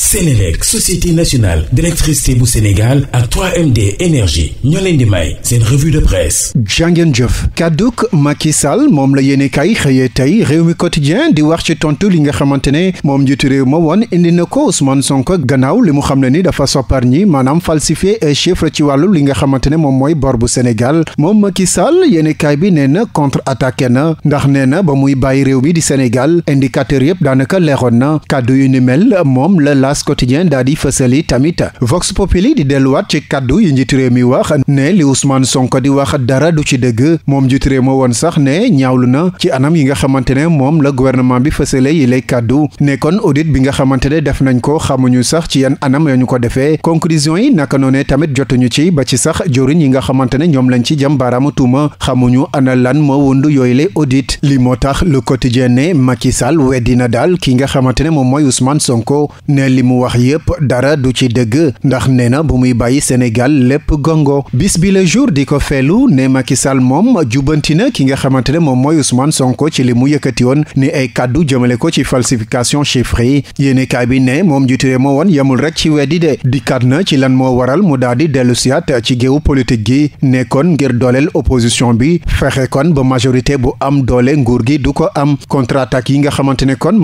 Sénélec société nationale d'électricité bu Sénégal ak 3MD énergie ñoo leen di may seen de jàngeen jëf kàdduk Macky Sall moom la yéene kay xëyee tey réew mi quotidien di wax ci tontu li nga xamante ne moom njiitu réew ma woon indi na ko Ousmane Sonko gannaaw li mu xam ne ni dafa soppar ñi maanaam falsifié ay chiffre ci wàllu li nga xamante ne moom mooy bor bu Sénégal moom Macky Sall yéene kay bi nee na contre attaqué na ndax nee na ba muy bàyyi réew mi di Sénégal indicateur yëpp daanaka leeroon na kàddu yu ni mel moom la L'As quotidien daal di fësali tamit Vox Populi di delluwaat ci kàddu yu njiit réew mi wax ne li Ousmane Sonko di wax dara du ci dëgg moom njiit réew ma sax ne ñaawlu na ci anam yi nga xamante ne moom la gouvernement bi fësale yi lay kàddu ne kon audit bi nga xamante ne def nañ ko xamuñu sax ci yan anam yañu ko defee conclusion yi naka noonee tamit jotuñu ci ba ci sax joriñ yi nga xamante ne ñoom lañ ci jam baaraamu tuuma xamuñu ana lan moo wundu yooyu lay audit li moo tax le quotidien ne Macky Sall weddina li mu wax yépp dara du ci dégg ndax nee na bu muy bàyyi Sénégal lépp gongo bis bi le jour di ko feelu ne Macky Sall moom jubbanti na ki nga xamante ne moom mooy Ousmane Sonko ci li mu yëkkati woon ni ay kàddu jëmale ko ci falsification chiffre yi yéene kaay bi ne moom ju réew moo woon yamul rek ci weddi de dikkaat na ci lan moo waral mu daal di dellu ci géew politique gi nekkoon ngir dooleel opposition bi fexe kon ba majorité bu am doole nguur gi du ko am contre yi nga xamante ne kon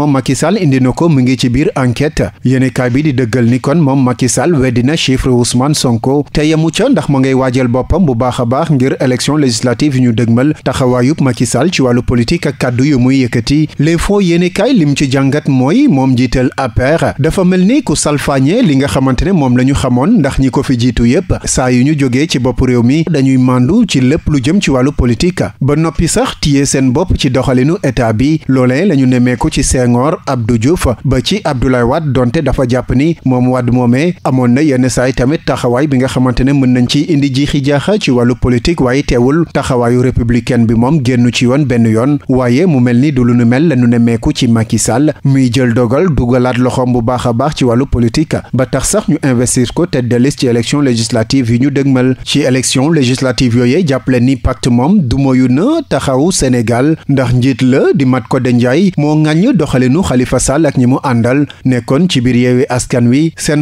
ko mu ci biir enquête yéenekaay bi di dëggal ni kon moom Macky Sall weddina chiffre Ousmane Sonko te yemu ca ndax ma ngay waajal boppam bu baax a baax ngir élection législative yu ñu dëgmal taxawaayub Macky Sall ci wàllu politique ak kàddu yu muy yëkkati les faux yéenekaay lim ci jàngat mooy moom jiital APR dafa mel ni ku salfaañe li nga xamante ne moom la xamoon ndax ñi ko fi jiitu yépp saa yu ñu jógee ci bopp réew mi dañuy màndu ci lépp lu jëm ci wàllu politique ba noppi sax tiye seen bopp ci doxalinu état bi loolee la ñu nemmeeku ci Senghor Abdou dafa jàpp ni moom Wade moomee amoon na yenn saay tamit taxawaay bi nga xamante ne mën nañ ci indi jiixi jaaxa ci wàllu politique waaye teewul taxawaayu républicain bi moom génnu ci yoon benn yoon waaye mu mel ni du lu nu mel ne nemmeeku ci Macky Sall muy jël dogal dugalaat loxoom bu baax a baax ci wàllu politique ba tax sax ñu investir ko te de liste ci élection législative yi ñu dëgmal ci élection législative yooyee jàppale ni pacte moom du moyu na taxawu Sénégal ndax njiit la di mat ko denjaay moo ŋàññ doxalinu Khalifa Sall ñi mu àndal biir yeewi askan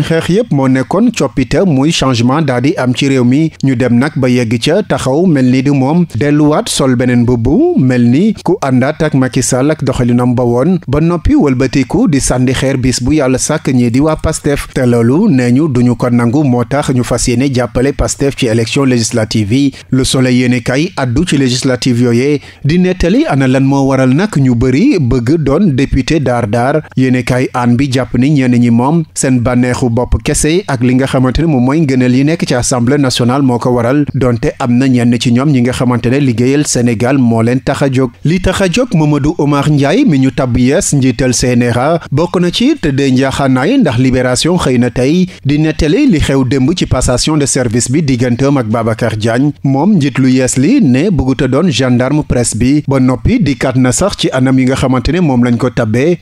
xeex yépp moo nekkoon coppite muy changement daal di am ci réew mi ñu dem nag ba yegg ca taxaw mel ni di moom delluwaat sol beneen bubbu mel ni ku àndaat ak Macky Sall ak doxalinam ba woon ba noppi wëlbatiku di sànni xeer bis bu yàlla sàkk ñii di waa Pastef te loolu nee ñu duñu ko nangu moo tax ñu fas yéene jàppale Pastef ci élection législative yi Le Soleil yéene kay addu ci législative yooyee di nettali ana lan moo waral nag ñu bëri bëgg doon député daar daar yéene aan bi jàpp ni ñenn ñi moom seen bànneexu bopp kese ak li nga xamante ne moom mooy ngëneel yi nekk ci assemblée nationale moo ko waral donte am na ñenn ci ñoom ñi nga xamante ne liggéeyal Sénégal moo leen tax a jóg li tax a jóg Mamadou Omar Ndiaye mi ñu tabb yees njiital CNRA bokk na ci tëddee njaaxaanaay ndax libération xëy na tey di nettali li xew démb ci passation de service bi digganteem ak Babacar jaañ moom njiit lu yees li ne bëgguta doon gendarme presse bi ba noppi dikkaat na sax ci anam yi nga xamante ne moom lañ ko tabbee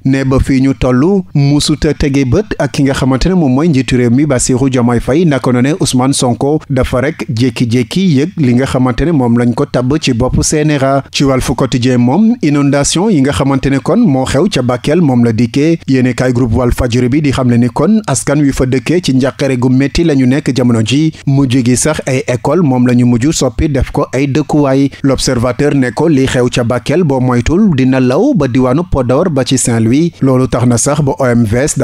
bët ak ki nga xamante ne moom mooy njiitu réew mi Bassirou Diomaye Faye naka noonu ne Ousmane Sonko dafa rek jékki-jékki yëg li nga xamante ne moom lañ ko tabb ci bopp CNRA ci Walf Quotidien moom inondation yi nga xamante ne kon moo xew ca Bakel moom la dikkee yéene kaay wal Walfadjri bi di xam ne ni kon askan wi fa dëkkee ci njàqare gu métti la ñu nekk jamono ji mujj gi sax ay école moom la ñu mujj soppi def ko ay dëkkuwaay l'observateur ne ko li xew ca Bakel boo moytul dina na sax ba OMVS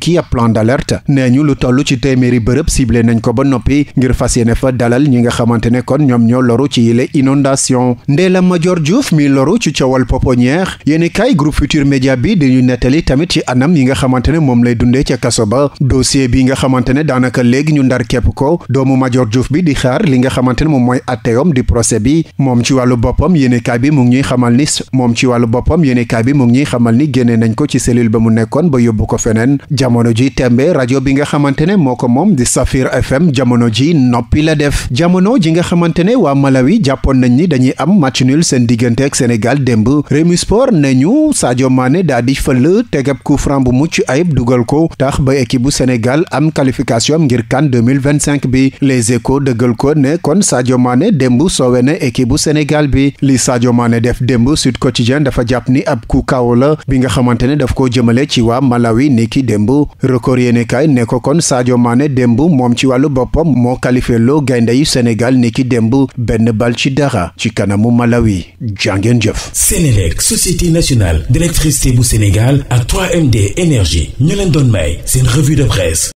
kii ab plan d' alerte nee ñu lu toll ci téeméeri bërëb sible nañ ko ba noppi ngir fas yéene fa dalal ñi nga xamante ne kon ñoom ñoo loru ci yile inondation Ndella Madior Diouf mi loru ci coowal pouponnière ñeex kaay groupe Futur Média bi dañuy nettali tamit ci anam yi nga xamante ne moom lay dundee ca kaso ba dossier bi nga xamante ne daanaka léegi ñu ndar képp ko doomu Madior Diouf bi di xaar li nga xamante ne moom mooy atteyom di procès bi moom ci wàllu boppam yéeni kaay bi mu ñuy xamal ni moom ci wàllu boppam yéeni kaay bi mu ngi xamal ni génnee nañ ko ci cellule ba mu nekkoon ba yóbbu ko feneen jamono ji tembe rajo bi nga xamante ne moo ko moom di Safir FM jamono ji noppi la def jamono ji nga xamante ne waa Malawi jàppoon nañ ni dañuy am match seen diggante ak Sénégal démb Rewmi Sport nañu Sadio Mané daa di fël tegab coup franc bu mucc ayib dugal ko tax ba équipe bu Sénégal am qualification ngir CAN 2025 bi Les Échos dëggal ko ne kon Sadio Mané démb soowe na équipe bu Sénégal bi li Sadio Mané def démb Sud Quotidien dafa jàpp ni ab coup kaw la bi nga démb record yéenekaay ne ko kon Sadio Mané démb moom ci wàllu boppam moo qualifiéloo gaynde yi Sénégal ni ki démb benn bal ci dara ci kanamu Malawi jàngeen jëf Sénélec société nationale d'électricité bu Sénégal ak 3MD énergie ñu leen doon may seen revue de presse